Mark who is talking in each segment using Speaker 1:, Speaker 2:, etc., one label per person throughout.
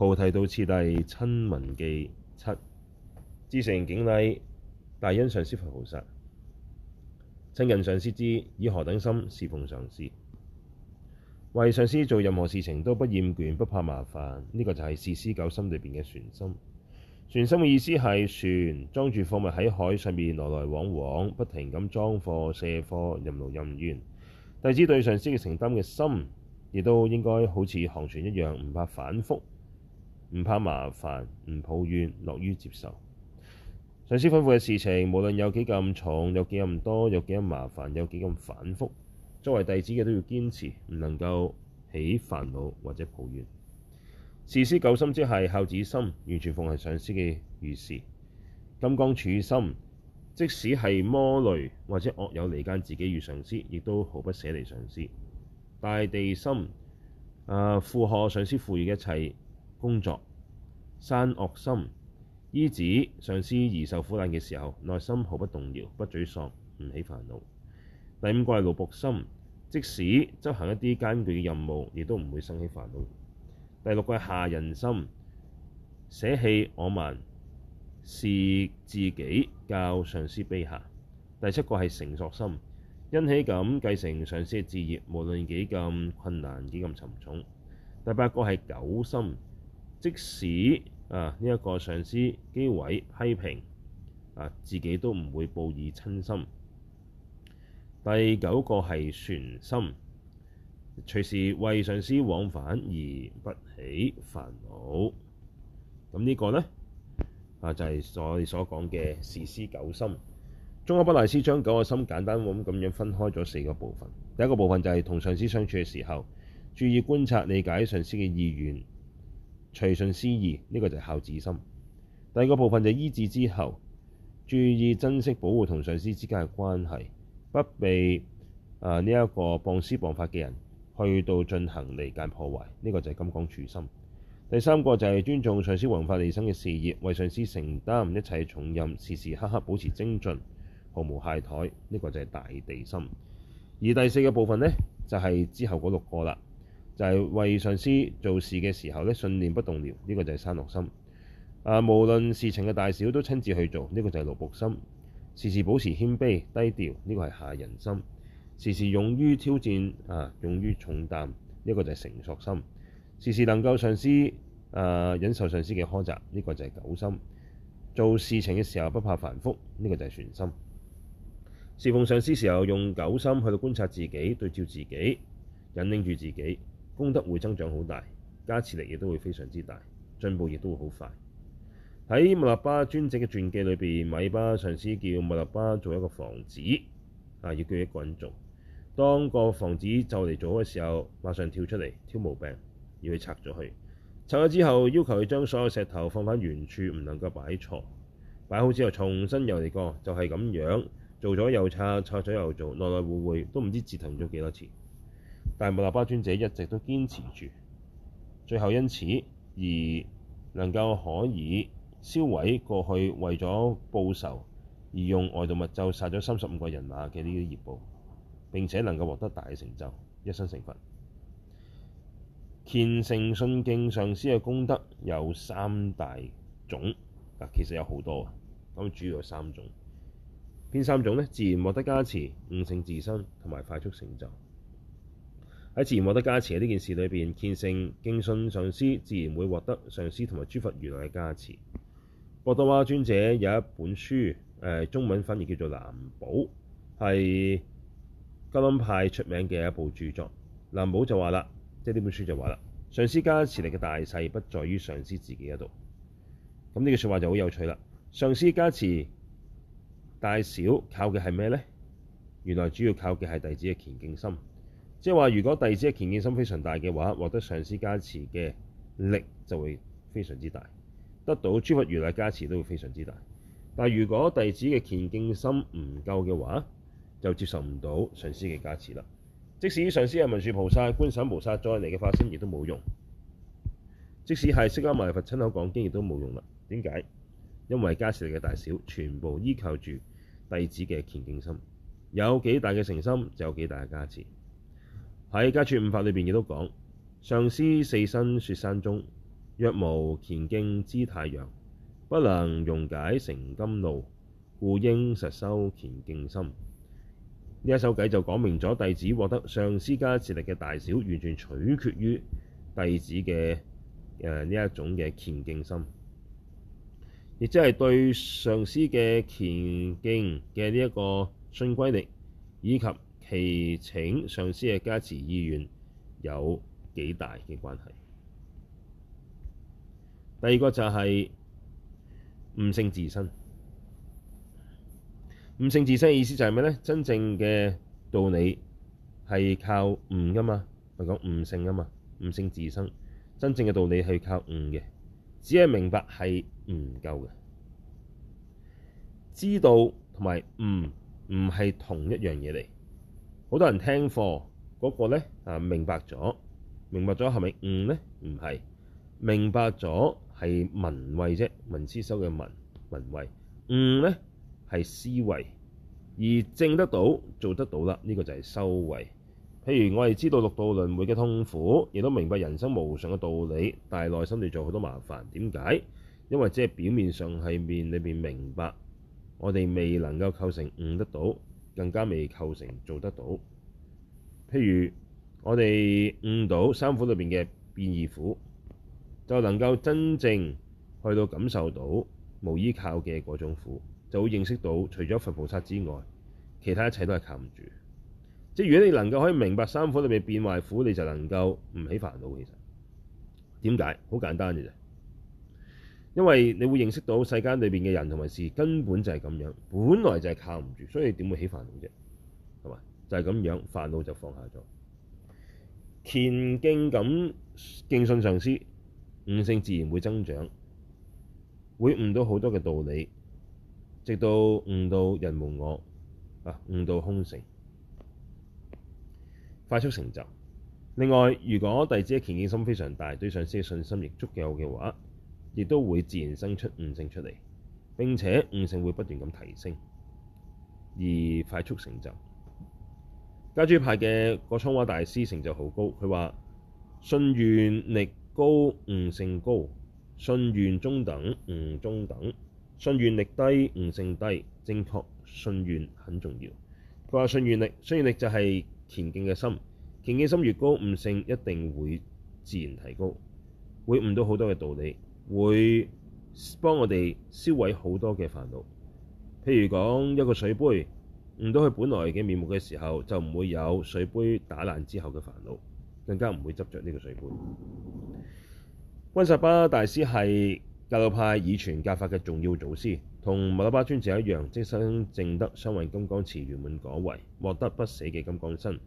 Speaker 1: 菩提道次第親聞記七。至誠敬禮，大恩上師佛菩薩。親近上師之以何等心侍奉上師？為上師做任何事情都不厭倦，不怕麻煩。呢、這個就係事師九心裏面嘅船心。船心嘅意思係船裝住貨物喺海上面來來往往，不停咁裝貨卸貨，任勞任怨。弟子對上師嘅承擔嘅心，亦都應該好似航船一樣，唔怕反覆。唔怕麻煩，唔抱怨，樂於接受上師吩咐嘅事情。無論有幾咁重，有幾咁多，有幾咁麻煩，有幾咁反覆，作為弟子嘅都要堅持，唔能夠起煩惱或者抱怨。事師九心即係孝子心，完全奉行上師嘅諭示。金剛杵心，即使係魔類或者惡友離間自己與上師，亦都毫不捨離上師。大地心，啊，負荷上師賦予一切。工作。山岳心，依止上師而受苦難嘅時候，內心毫不動搖，不沮喪，唔起煩惱。第五個係奴僕心，即使執行一啲艱鉅嘅任務，亦都唔會生起煩惱。第六個係下人心，捨棄我慢，視自己較上師卑下。第七個係繩索心，欣喜咁繼承上師嘅事業，無論幾咁困難、幾咁沉重。第八個係狗心。即使啊，呢一個上師譏評批評啊，自己都唔會報以瞋心。第九個係船心，隨時為上師往返而不起煩惱。咁呢個呢，啊，就係、是、我哋所講嘅事師九心。宗喀巴大師將九個心簡單咁樣分開咗四個部分。第一個部分就係同上師相處嘅時候，注意觀察、理解上師嘅意願。隨順師意，呢、這個就係孝子心。第二個部分就係依止之後，注意珍惜保護同上師之間嘅關係，不被啊呢一個謗師謗法嘅人去到進行離間破壞，呢、這個就係金剛杵心。第三個就係尊重上師弘法利生嘅事業，為上師承擔一切重任，時時刻刻保持精進，毫無懈怠，呢、這個就係大地心。而第四個部分呢，就係、是、之後嗰六個啦。就係為上師做事嘅時候咧，信念不動搖，呢、這個就係山岳心。啊，無論事情嘅大小都親自去做，呢、這個就係奴僕心。時時保持謙卑、低調，呢、這個係下人心。時時勇於挑戰啊，勇於重擔，呢、這個就係繩索心。時時能夠上師啊忍受上師嘅苛責，呢、這個就係狗心。做事情嘅時候不怕繁複，呢、這個就係船心。侍奉上師時候用九心去到觀察自己、對照自己、引領住自己。功德會增長好大，加持力亦都會非常之大，進步亦都會好快。喺密勒日巴尊者嘅傳記裏邊，瑪爾巴上師叫密勒日巴做一個房子，啊，要叫一個人做。當個房子就嚟做好嘅時候，馬上跳出嚟挑毛病，要拆去拆咗佢。拆咗之後，要求佢將所有石頭放返原處，唔能夠擺錯。擺好之後，重新又嚟過，就係、是、咁樣做咗又拆，拆咗又做，來來回回都唔知折騰咗幾多次。但係，木立巴尊者一直都堅持住，最後因此而能夠可以銷毀過去為咗報仇而用外道密咒殺咗三十五個人馬嘅呢啲業報，並且能夠獲得大成就，一生成佛。虔誠信敬上師嘅功德有三大種，嗱，其實有好多啊，咁主要有三種。邊三種呢？自然獲得加持、悟性自生同埋快速成就。喺自然獲得加持嘅呢件事裏邊，虔誠敬信上師，自然會獲得上師同埋諸佛如來嘅加持。博朵瓦尊者有一本書，誒中文翻譯叫做《藍寶》，係噶當派出名嘅一部著作。藍寶就話啦，即係呢本書就話啦，上師加持力嘅大細不在於上師自己嗰度。咁呢句說話就好有趣啦！上師加持大小靠嘅係咩咧？原來主要靠嘅係弟子嘅虔敬心。即係話，如果弟子嘅虔敬心非常大嘅話，獲得上師加持嘅力就會非常之大，得到諸佛如來加持都會非常之大。但係如果弟子嘅虔敬心唔夠嘅話，就接受唔到上師嘅加持啦。即使上師係文殊菩薩、觀音菩薩再嚟嘅化身，亦都冇用。即使係釋迦牟尼佛親口講經，亦都冇用啦。點解？因為加持力嘅大小全部依靠住弟子嘅虔敬心，有幾大嘅誠心就有幾大嘅加持。喺《噶舉五法》裏邊亦都講，上師四身雪山中，若無虔敬之太陽，不能溶解成甘露，故應實修虔敬心。呢一首偈就講明咗，弟子獲得上師加持力嘅大小，完全取決於弟子嘅誒呢一種嘅虔敬心，亦即係對上師嘅虔敬嘅呢一個信皈力，以及祈請上師嘅加持意願有幾大嘅關係？第二個就係悟性自生。悟性自生嘅意思就係咩咧？真正嘅道理係靠悟噶嘛？我講悟性啊嘛，悟性自生。真正嘅道理係靠悟嘅，只係明白係唔夠嘅，知道同埋悟唔係同一樣嘢嚟。好多人聽課嗰個咧啊，明白咗，明白咗係咪悟呢？唔係，明白咗係聞慧啫，聞思修嘅聞，聞慧。悟呢，係思慧，而證得到做得到啦，呢個就係修慧。譬如我哋知道六道輪迴嘅痛苦，亦都明白人生無常嘅道理，但係內心裏做好多麻煩。點解？因為即係表面上係面裏面明白，我哋未能夠構成悟得到。更加未構成做得到。譬如我哋悟到三苦裏邊嘅變異苦，就能夠真正去到感受到無依靠嘅嗰種苦，就會認識到除咗佛菩薩之外，其他一切都係靠唔住。即係如果你能夠可以明白三苦裏邊變壞苦，你就能夠唔起煩惱。其實點解？好簡單嘅啫。因為你會認識到世間裏邊嘅人同埋事根本就係咁樣，本來就係靠唔住，所以點會起煩惱啫？係嘛，就係咁樣，煩惱就放下咗。虔敬咁敬信上師，悟性自然會增長，會悟到好多嘅道理，直到悟到人無我啊，悟到空性，快速成就。另外，如果弟子嘅虔敬心非常大，對上師嘅信心亦足夠嘅話，亦都會自然生出悟性出嚟，並且悟性會不斷咁提升而快速成就。噶舉派嘅果倉瓦大師成就好高，佢話信願力高，悟性高；信願中等，悟中等；信願力低，悟性低。正確信願很重要。佢話信願力，信願力就係虔敬嘅心，虔敬心越高，悟性一定會自然提高，會悟到好多嘅道理。會幫我哋消毀好多嘅煩惱，譬如講一個水杯，悟到佢本來嘅面目嘅時候，就唔會有水杯打爛之後嘅煩惱，更加唔會執着呢個水杯。溫薩巴大師係格魯派耳傳教法嘅重要祖師，同米拉熱巴尊者一樣，即生證得雙運金剛持圓滿果位，獲得不死嘅金剛身，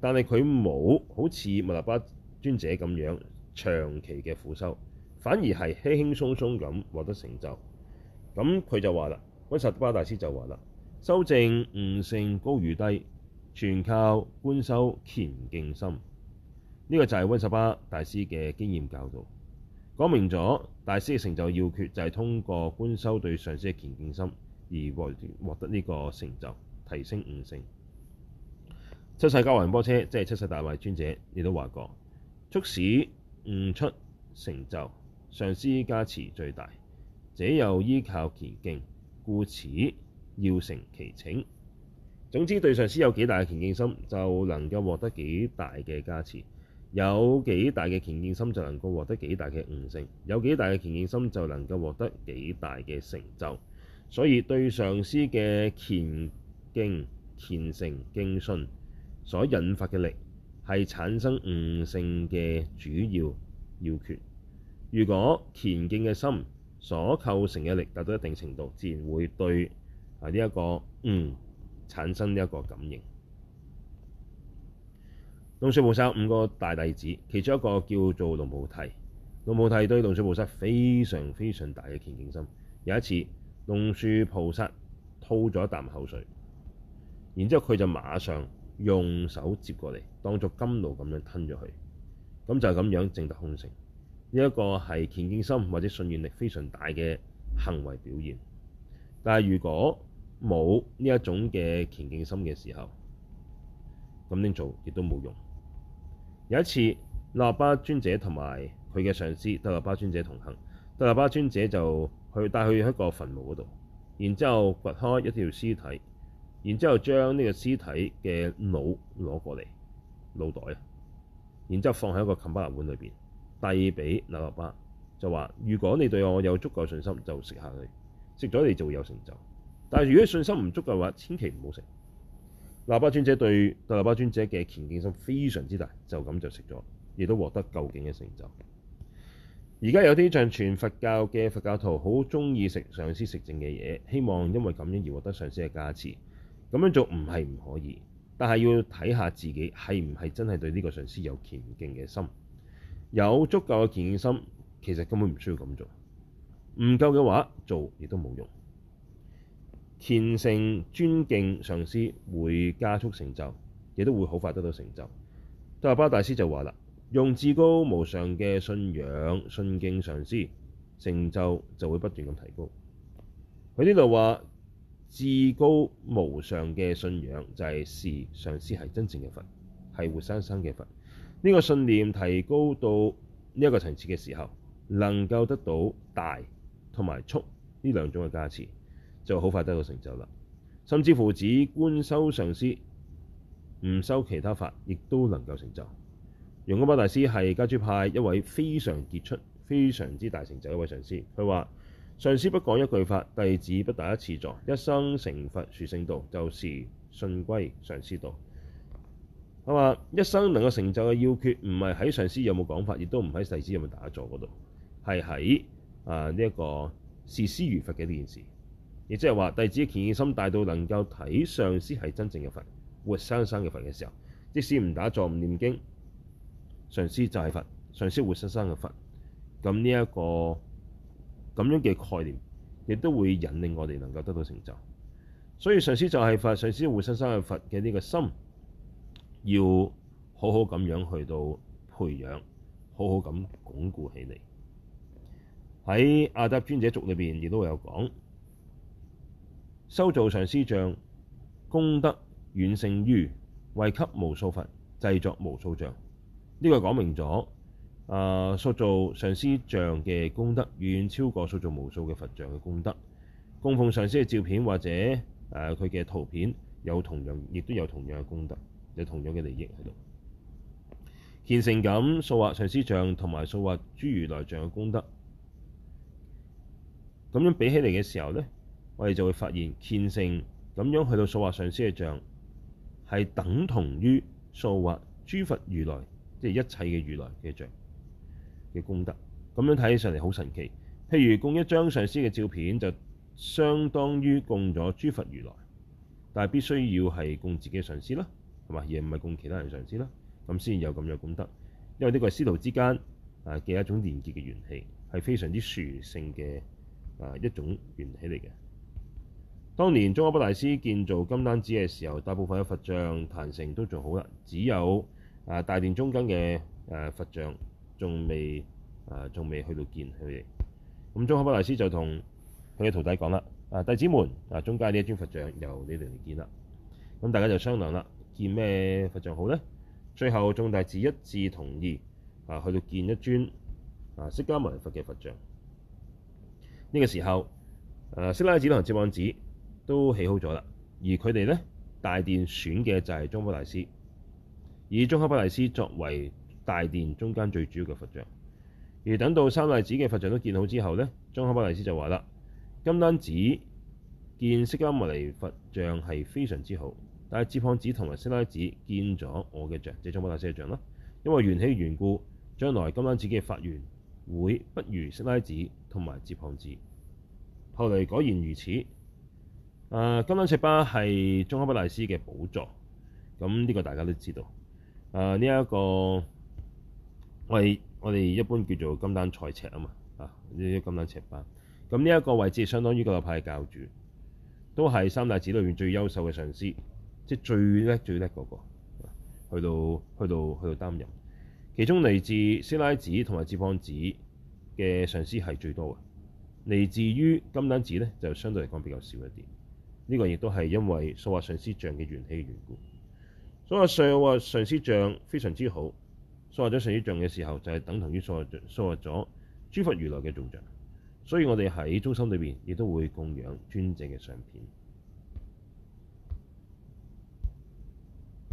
Speaker 1: 但係佢冇好似米拉熱巴尊者咁樣長期嘅苦修。反而係輕輕鬆鬆咁獲得成就。咁佢就話啦，溫薩巴大師就話啦，修證悟性高與低，全靠觀修虔敬心。呢個就係溫薩巴大師嘅經驗教導，講明咗大師嘅成就要訣就係通過觀修對上師嘅虔敬心而獲獲得呢個成就，提升悟性。七世嘉瓦仁波切即係七世達賴尊者，亦都話過促使悟出成就。上師加持最大，這又依靠虔敬，故此要誠祈請。總之，對上師有幾大嘅虔敬心，就能夠獲得幾大嘅加持；有幾大嘅虔敬心，就能夠獲得幾大嘅悟性；有幾大嘅虔敬心，就能夠獲得幾大嘅成就。所以，對上師嘅虔敬、虔誠、敬信所引發嘅力，係產生悟性嘅主要要訣。如果虔敬嘅心所構成嘅力達到一定程度，自然會對啊呢一個嗯產生呢一個感應。龍樹菩薩五個大弟子，其中一個叫做龍母提。龍母提對龍樹菩薩非常非常大嘅虔敬心。有一次，龍樹菩薩吐咗一啖口，口水，然之後佢就馬上用手接過嚟，當作甘露咁樣吞咗去。咁就係、是、咁樣證得空性。呢一個係虔敬心或者信願力非常大嘅行為表現，但係如果冇呢一種嘅虔敬心嘅時候，咁點做亦都冇用。有一次，納巴尊者同埋佢嘅上師德納巴尊者同行，德納巴尊者就去帶佢去一個墳墓嗰度，然之後掘開一條屍體，然之後將呢個屍體嘅腦攞過嚟，腦袋啊，然之後放喺一個冚巴壺碗裏邊。遞俾喇喇巴，就話：如果你對我有足夠信心，就食下佢。食咗你就會有成就。但係如果信心唔足嘅話，千祈唔好食。喇喇巴尊者對喇喇巴尊者嘅虔敬心非常之大，就咁就食咗，亦都獲得究竟嘅成就。而家有啲藏傳佛教嘅佛教徒，好中意食上師食剩嘅嘢，希望因為咁樣而獲得上師嘅加持。咁樣做唔係唔可以，但係要睇下自己係唔係真係對呢個上師有虔敬嘅心。有足夠嘅虔敬心，其實根本唔需要咁做。唔夠嘅話，做亦都冇用。虔誠尊敬上師，會加速成就，亦都會好快得到成就。大阿巴大師就話啦：用至高無上嘅信仰、信敬上師，成就就會不斷咁提高。佢呢度話：至高無上嘅信仰就係視上師係真正嘅佛，係活生生嘅佛。呢個信念提高到呢一個層次嘅時候，能夠得到大同埋速呢兩種嘅加持，就好快得到成就啦。甚至乎只觀修上師，唔修其他法，亦都能夠成就。楊公包大師係家珠派一位非常傑出、非常之大成就嘅一位上師。佢話：上師不講一句法，弟子不打一次坐，一生成佛殊勝道，就是信歸上師道。咁啊！一生能夠成就嘅要訣唔係喺上師有冇講法，亦都唔喺弟子有冇打坐嗰度，係喺啊呢一個視師如佛嘅呢件事。亦即係話，弟子嘅虔誠心大到能夠睇上師係真正嘅佛，活生生嘅佛嘅時候，即使唔打坐，唔念經，上師就係佛，上師活生生嘅佛。咁呢一個咁樣嘅概念，亦都會引領我哋能夠得到成就。所以上師就係佛，上師活生生嘅佛嘅呢個心。要好好咁樣去到培養，好好咁鞏固起嚟。喺《阿德尊者族》裏邊亦都會有講，修造上師像功德遠勝於為給無數佛製作無數像。呢個講明咗，誒、呃、塑造上師像嘅功德遠遠超過塑造無數嘅佛像嘅功德。供奉上師嘅照片或者誒佢嘅圖片，有同樣亦都有同樣嘅功德。有同樣嘅利益喺度，虔誠咁掃畫上師像同埋掃畫諸如來像嘅功德，咁樣比起嚟嘅時候咧，我哋就會發現虔誠咁樣去到掃畫上師嘅像，係等同於掃畫諸佛如來，即係一切嘅如來嘅像嘅功德。咁樣睇起上嚟好神奇。譬如供一張上師嘅照片，就相當於供咗諸佛如來，但係必須要係供自己嘅上師咯。係嘛，亦唔係供其他人嘗試啦。咁先有咁樣咁得，因為呢個係師徒之間啊嘅一種連結嘅緣起，係非常之殊勝嘅啊一種緣起嚟嘅。當年宗喀巴大師建造金丹寺嘅時候，大部分嘅佛像壇城都做好啦，只有啊大殿中間嘅誒佛像仲未啊仲未去到建佢哋。咁宗喀巴大師就同佢嘅徒弟講啦：啊弟子們，啊中間呢一尊佛像由你哋嚟建啦。咁大家就商量啦。建咩佛像好咧？最後眾大寺一致同意啊，去到建一尊啊釋迦牟尼佛嘅佛像。呢、這個時候，誒色拉寺同哲蚌寺都起好咗啦。而佢哋咧大殿選嘅就係宗喀巴大師，以宗喀巴大師作為大殿中間最主要嘅佛像。而等到三大寺嘅佛像都建好之後咧，宗喀巴大師就話啦：甘丹寺建釋迦牟尼佛像係非常之好。但係，哲蚌寺同埋色拉寺見咗我嘅像，即係宗喀巴大師嘅像啦。因為緣起緣故，將來金丹寺嘅發源會不如色拉寺同埋哲蚌寺。後嚟果然如此。誒、呃，金丹赤巴係宗喀巴大師嘅寶座，咁、這、呢個大家都知道。誒、呃，呢、這、一個我哋我哋一般叫做金丹賽赤啊嘛，啊呢啲金丹赤巴。咁呢一個位置係相當於個立派嘅教主，都係三大寺裏邊最優秀嘅上師。即係最叻最叻嗰個，去到去到去到擔任，其中嚟自色拉寺同埋哲蚌寺嘅上師係最多嘅，嚟自於甘丹寺咧就相對嚟講比較少一啲。呢、這個亦都係因為素畫上師像嘅元氣嘅緣故。素畫上話上師像非常之好，素畫咗上師像嘅時候就係、是、等同於素畫素畫咗諸佛如來嘅造像，所以我哋喺中心裏邊亦都會供養尊者嘅相片。